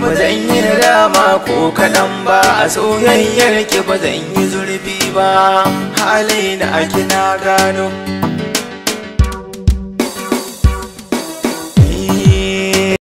ba zan yi dama ko kaɗan ba a soyayyar ki ba zan yi zurfi ba halin ni ake na gano